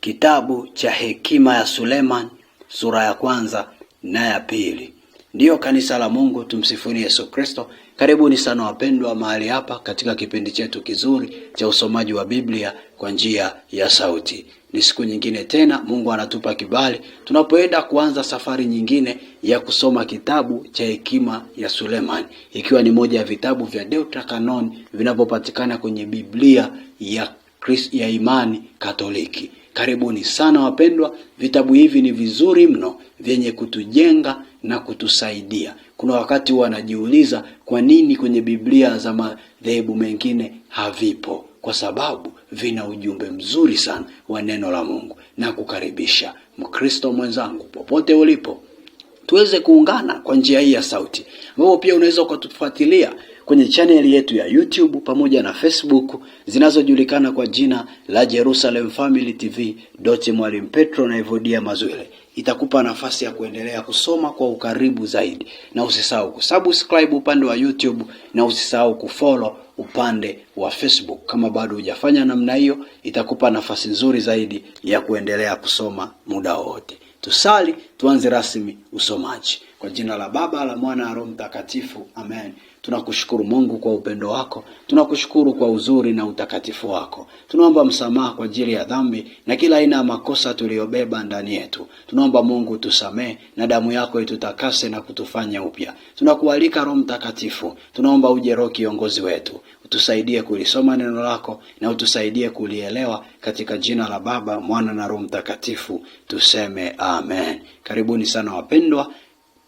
Kitabu cha hekima ya Suleman sura ya kwanza na ya pili. Ndiyo kanisa la Mungu, tumsifuni Yesu Kristo. Karibuni sana wapendwa mahali hapa katika kipindi chetu kizuri cha usomaji wa Biblia kwa njia ya sauti. Ni siku nyingine tena Mungu anatupa kibali tunapoenda kuanza safari nyingine ya kusoma kitabu cha hekima ya Suleman, ikiwa ni moja ya vitabu vya Deuterokanoni vinavyopatikana kwenye Biblia ya Kristo ya imani Katoliki. Karibuni sana wapendwa, vitabu hivi ni vizuri mno vyenye kutujenga na kutusaidia. Kuna wakati wanajiuliza kwa nini kwenye Biblia za madhehebu mengine havipo? Kwa sababu vina ujumbe mzuri sana wa neno la Mungu. Na kukaribisha Mkristo mwenzangu popote ulipo tuweze kuungana kwa njia hii ya sauti, ambapo pia unaweza ukatufuatilia kwenye chaneli yetu ya YouTube pamoja na Facebook zinazojulikana kwa jina la Jerusalem Family TV doti Mwalimu Petro na Evodia Mazwile. Itakupa nafasi ya kuendelea kusoma kwa ukaribu zaidi, na usisahau kusubscribe upande wa YouTube na usisahau kufollow upande wa Facebook. Kama bado hujafanya namna hiyo, itakupa nafasi nzuri zaidi ya kuendelea kusoma muda wowote. Tusali, tuanze rasmi usomaji. Kwa jina la Baba la Mwana na Roho Mtakatifu, amen. Tunakushukuru Mungu kwa upendo wako, tunakushukuru kwa uzuri na utakatifu wako. Tunaomba msamaha kwa ajili ya dhambi na kila aina ya makosa tuliyobeba ndani yetu. Tunaomba Mungu tusamee na damu yako itutakase na kutufanya upya. Tunakualika Roho Mtakatifu, tunaomba uje, Roho kiongozi wetu, utusaidie kulisoma neno lako na utusaidie kulielewa, katika jina la Baba, Mwana na Roho Mtakatifu tuseme amen. Karibuni sana wapendwa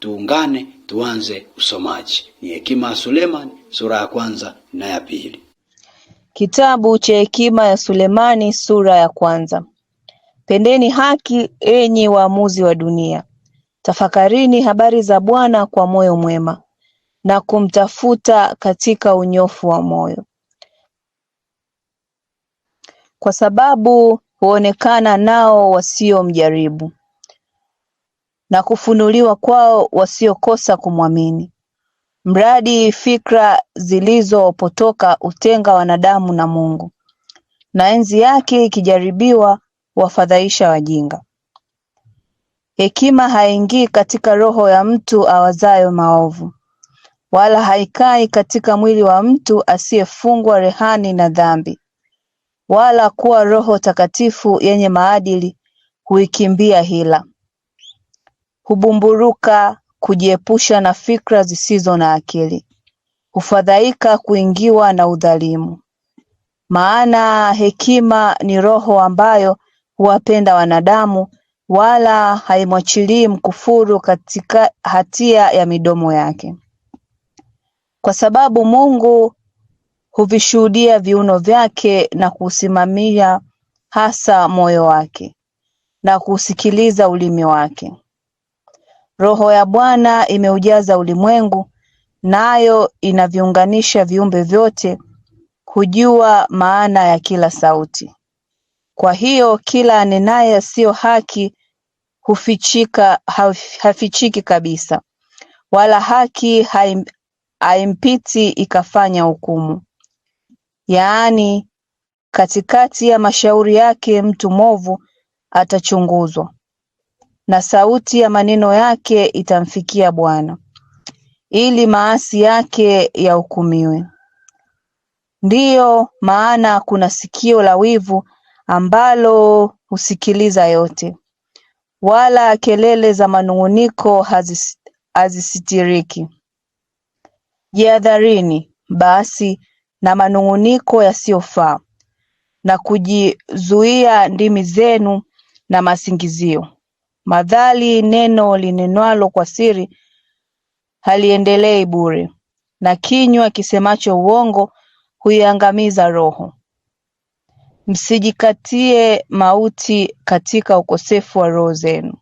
tuungane tuanze usomaji. Ni Hekima ya Sulemani sura ya kwanza na ya pili. Kitabu cha Hekima ya Sulemani sura ya kwanza. Pendeni haki, enyi waamuzi wa dunia, tafakarini habari za Bwana kwa moyo mwema na kumtafuta katika unyofu wa moyo, kwa sababu huonekana nao wasiomjaribu na kufunuliwa kwao wasiokosa kumwamini mradi fikra zilizopotoka utenga wanadamu na Mungu na enzi yake ikijaribiwa wafadhaisha wajinga. Hekima haingii katika roho ya mtu awazayo maovu, wala haikai katika mwili wa mtu asiyefungwa rehani na dhambi, wala kuwa Roho Takatifu yenye maadili huikimbia hila hubumburuka kujiepusha na fikra zisizo na akili hufadhaika kuingiwa na udhalimu maana hekima ni roho ambayo huwapenda wanadamu wala haimwachilii mkufuru katika hatia ya midomo yake kwa sababu Mungu huvishuhudia viuno vyake na kuusimamia hasa moyo wake na kuusikiliza ulimi wake Roho ya Bwana imeujaza ulimwengu, nayo inaviunganisha viumbe vyote, hujua maana ya kila sauti. Kwa hiyo kila anenaye asiyo haki hufichika, hafichiki kabisa, wala haki haim, haimpiti ikafanya hukumu. Yaani, katikati ya mashauri yake mtu mwovu atachunguzwa, na sauti ya maneno yake itamfikia Bwana ili maasi yake yahukumiwe. Ndiyo maana kuna sikio la wivu ambalo husikiliza yote, wala kelele za manung'uniko hazisitiriki. Jihadharini basi na manung'uniko yasiyofaa na kujizuia ndimi zenu na masingizio. Madhali neno linenwalo kwa siri haliendelei bure, na kinywa kisemacho uongo huiangamiza roho. Msijikatie mauti katika ukosefu wa roho zenu,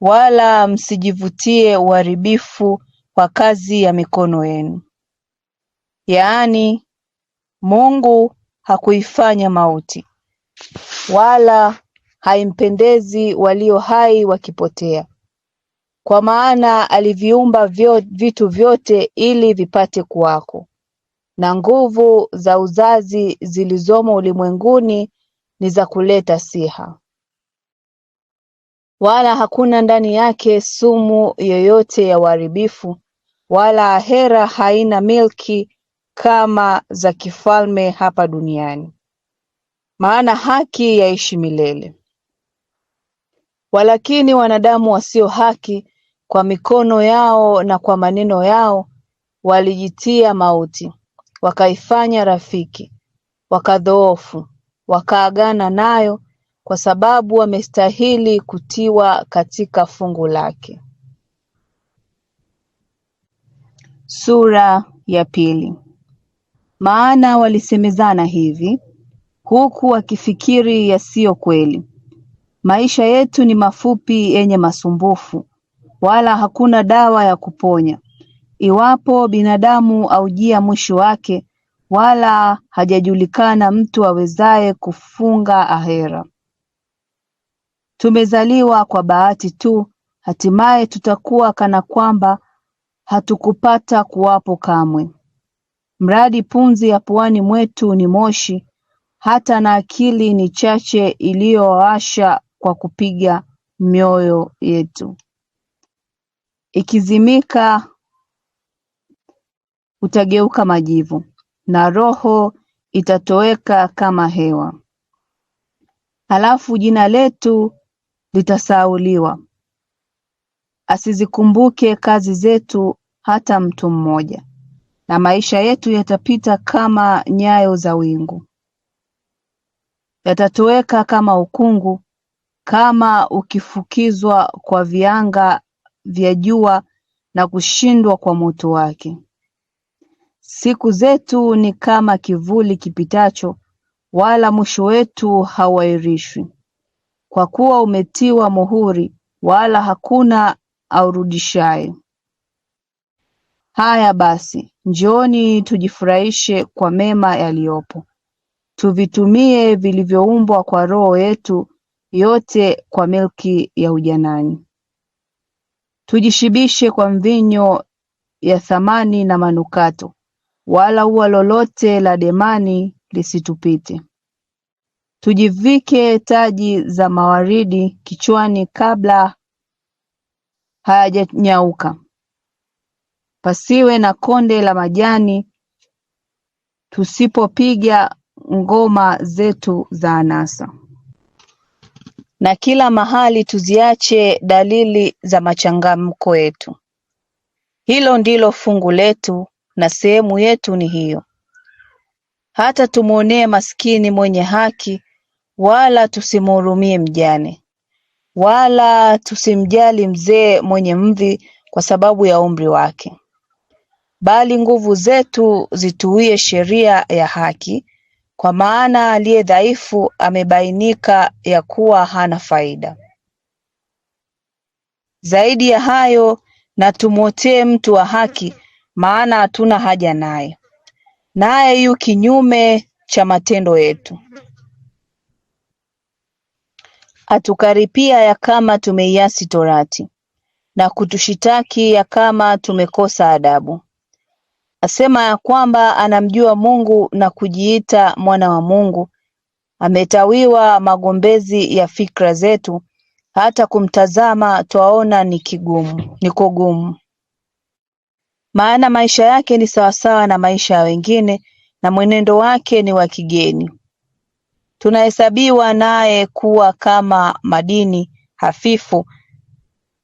wala msijivutie uharibifu wa kazi ya mikono yenu. Yaani, Mungu hakuifanya mauti, wala haimpendezi walio hai wakipotea. Kwa maana aliviumba vyo, vitu vyote ili vipate kuwako, na nguvu za uzazi zilizomo ulimwenguni ni za kuleta siha, wala hakuna ndani yake sumu yoyote ya uharibifu, wala ahera haina milki kama za kifalme hapa duniani. Maana haki yaishi milele. Walakini wanadamu wasio haki kwa mikono yao na kwa maneno yao walijitia mauti, wakaifanya rafiki, wakadhoofu, wakaagana nayo kwa sababu wamestahili kutiwa katika fungu lake. Sura ya pili. Maana walisemezana hivi, huku wakifikiri yasiyo kweli Maisha yetu ni mafupi yenye masumbufu, wala hakuna dawa ya kuponya, iwapo binadamu aujia mwisho wake, wala hajajulikana mtu awezaye kufunga ahera. Tumezaliwa kwa bahati tu, hatimaye tutakuwa kana kwamba hatukupata kuwapo kamwe. Mradi pumzi ya puani mwetu ni moshi, hata na akili ni chache iliyowasha kwa kupiga mioyo yetu. Ikizimika utageuka majivu, na roho itatoweka kama hewa. Halafu jina letu litasauliwa, asizikumbuke kazi zetu hata mtu mmoja, na maisha yetu yatapita kama nyayo za wingu, yatatoweka kama ukungu kama ukifukizwa kwa vianga vya jua na kushindwa kwa moto wake. Siku zetu ni kama kivuli kipitacho, wala mwisho wetu hauairishwi, kwa kuwa umetiwa muhuri, wala hakuna aurudishaye. Haya basi, njooni tujifurahishe kwa mema yaliyopo, tuvitumie vilivyoumbwa kwa Roho yetu yote kwa milki ya ujanani, tujishibishe kwa mvinyo ya thamani na manukato, wala ua lolote la demani lisitupite. Tujivike taji za mawaridi kichwani kabla hayajanyauka, pasiwe na konde la majani tusipopiga ngoma zetu za anasa na kila mahali tuziache dalili za machangamko yetu. Hilo ndilo fungu letu na sehemu yetu ni hiyo. Hata tumwonee maskini mwenye haki, wala tusimhurumie mjane, wala tusimjali mzee mwenye mvi kwa sababu ya umri wake, bali nguvu zetu zituie sheria ya haki kwa maana aliye dhaifu amebainika ya kuwa hana faida. Zaidi ya hayo, na tumwotee mtu wa haki, maana hatuna haja naye, naye yu kinyume cha matendo yetu, atukaripia ya kama tumeiasi Torati, na kutushitaki ya kama tumekosa adabu asema ya kwamba anamjua Mungu na kujiita mwana wa Mungu ametawiwa magombezi ya fikra zetu hata kumtazama twaona ni kigumu ni kugumu maana maisha yake ni sawasawa na maisha ya wengine na mwenendo wake ni wa kigeni tunahesabiwa naye kuwa kama madini hafifu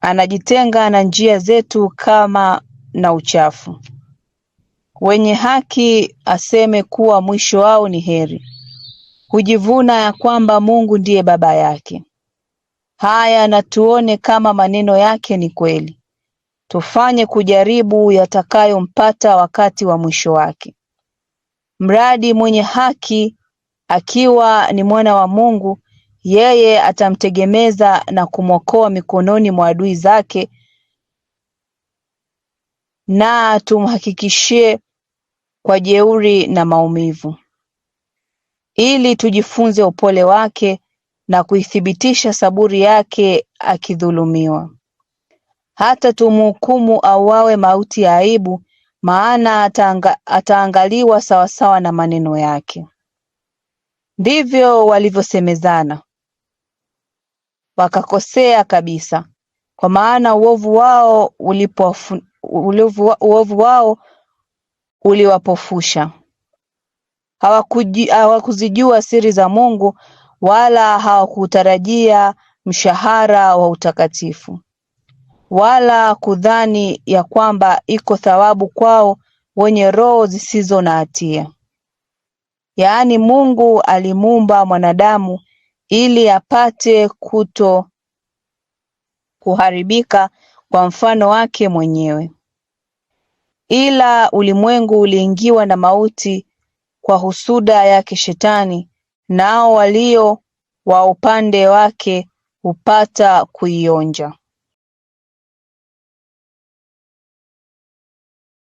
anajitenga na njia zetu kama na uchafu wenye haki aseme kuwa mwisho wao ni heri, hujivuna ya kwamba Mungu ndiye baba yake. Haya, na tuone kama maneno yake ni kweli, tufanye kujaribu yatakayompata wakati wa mwisho wake. Mradi mwenye haki akiwa ni mwana wa Mungu, yeye atamtegemeza na kumwokoa mikononi mwa adui zake na tumhakikishie kwa jeuri na maumivu ili tujifunze upole wake na kuithibitisha saburi yake akidhulumiwa hata tumhukumu auawe mauti ya aibu maana ataanga, ataangaliwa sawasawa na maneno yake. Ndivyo walivyosemezana wakakosea kabisa, kwa maana uovu wao uovu wao uliwapofusha Hawakuzijua siri za Mungu wala hawakutarajia mshahara wa utakatifu, wala kudhani ya kwamba iko thawabu kwao wenye roho zisizo na hatia. Yaani, Mungu alimuumba mwanadamu ili apate kuto kuharibika kwa mfano wake mwenyewe, Ila ulimwengu uliingiwa na mauti kwa husuda yake Shetani nao walio wa upande wake hupata kuionja